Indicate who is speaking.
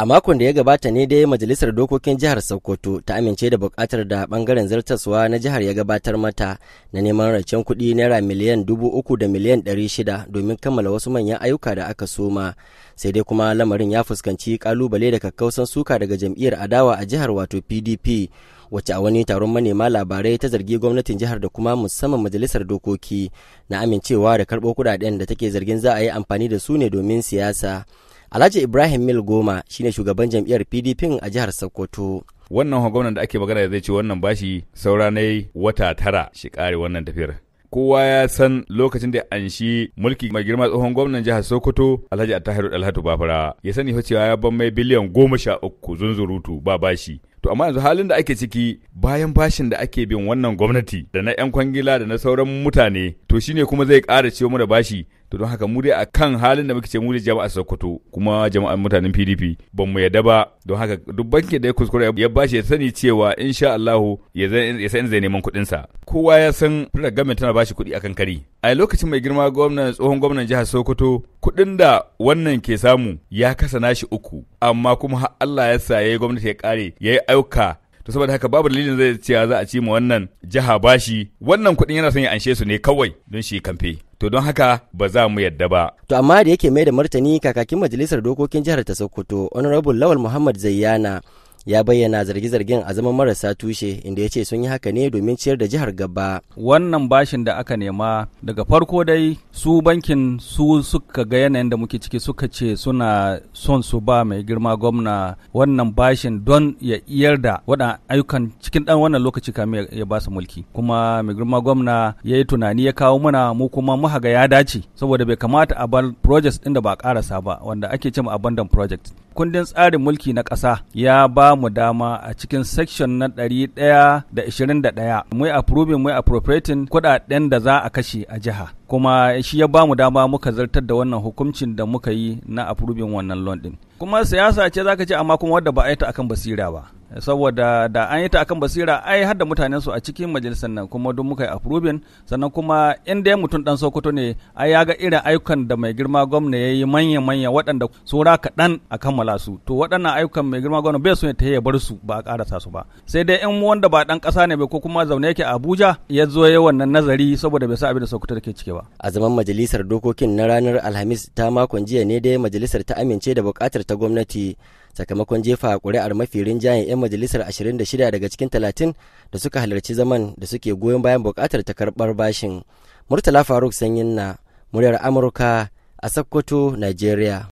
Speaker 1: A makon da ya gabata ne dai Majalisar Dokokin Jihar Sokoto ta amince da bukatar da bangaren zartaswa na jihar ya gabatar mata na neman rancen kuɗi naira miliyan dubu uku da miliyan ɗari shida domin kammala wasu manyan ayyuka da aka soma. Sai dai kuma lamarin ya fuskanci kalubale da kakkausan suka daga jam'iyyar adawa a jihar wato PDP. wacce a wani taron manema labarai ta zargi gwamnatin jihar da kuma musamman majalisar dokoki na amincewa da karɓo kuɗaɗen da take zargin za a yi amfani da su ne domin siyasa. Alhaji Ibrahim Mil Goma shi ne shugaban jam'iyyar PDP a jihar Sokoto.
Speaker 2: Wannan gwamnan da ake magana zai ce wannan bashi saura ne wata tara shi kare wannan tafiyar. Kowa ya san lokacin da an shi mulki mai girma tsohon gwamnan jihar Sokoto Alhaji Attahiru Dalhatu Bafara ya sani fa cewa ya ban mai biliyan goma sha uku zunzurutu ba bashi. To amma yanzu halin da ake ciki bayan bashin da ake bin wannan gwamnati da na 'yan kwangila da na sauran mutane to shine kuma zai kara cewa mu da bashi to don haka mu dai a kan halin da muke ce mu dai jama'a Sokoto kuma jama'an mutanen PDP ban mu yadda ba don haka duk banki da ya kuskure ya bashi ya sani cewa insha Allah ya san zai neman kuɗin sa kowa ya san fara gamin tana bashi kuɗi akan kari a lokacin mai girma gwamnan tsohon gwamnan jihar Sokoto kuɗin da wannan ke samu ya kasa nashi uku amma kuma Allah ya sa yayi gwamnati ya kare yayi auka to saboda haka babu dalilin zai cewa za a ci ma wannan jiha bashi wannan kuɗin yana son ya anshe su ne kawai don shi kamfe to don haka ba za mu yadda ba
Speaker 1: to amma da yake mai da martani kakakin majalisar dokokin jihar ta Sokoto honorable Lawal Muhammad Zayyana ya bayyana zarge zargin a zaman marasa tushe inda ya ce sun yi haka ne domin ciyar da jihar gaba.
Speaker 3: Wannan bashin da aka nema daga farko dai su bankin su suka ga yanayin da muke ciki suka ce suna son su ba mai girma gwamna wannan bashin don ya iyar da waɗan ayyukan cikin dan wannan lokaci kamin ya ba su mulki. Kuma mai girma gwamna ya yi tunani ya kawo mana mu kuma mu ga ya dace saboda bai kamata a bar projects ɗin da ba ƙarasa ba wanda ake cewa abandon project. kundin tsarin mulki na ƙasa ya ba mu dama a cikin section na Ɗari ɗaya da mu yi approving mu yi appropriating kuɗaɗen da za a kashe a jiha kuma shi ya bamu dama muka zartar da wannan hukuncin da muka yi na afrubin wannan loan din kuma siyasa ce zaka ce amma kuma wadda ba a yi ta akan basira ba saboda da an yi ta akan basira ai har da mutanen su a cikin majalisar nan kuma don muka yi approving sannan kuma in dai mutum dan Sokoto ne ai ya ga irin ayyukan da mai girma gwamna ya yi manya manya waɗanda tsora kaɗan a kammala su to waɗannan ayyukan mai girma gwamna bai so ya ya bar su ba a karasa su ba sai dai in wanda ba dan ƙasa ne bai ko kuma zaune yake a Abuja ya zo ya wannan nazari saboda bai sa abin da Sokoto take ciki ba.
Speaker 1: A zaman majalisar dokokin na ranar Alhamis ta makon jiya ne dai majalisar ta amince da bukatar ta gwamnati sakamakon jefa ƙuri'ar mafi rinjayen 'yan majalisar 26 daga cikin 30 da suka halarci zaman da suke goyon bayan bukatar ta karbar bashin. Murtala Faruk Sanyin na muryar Amurka a Sokoto, Najeriya.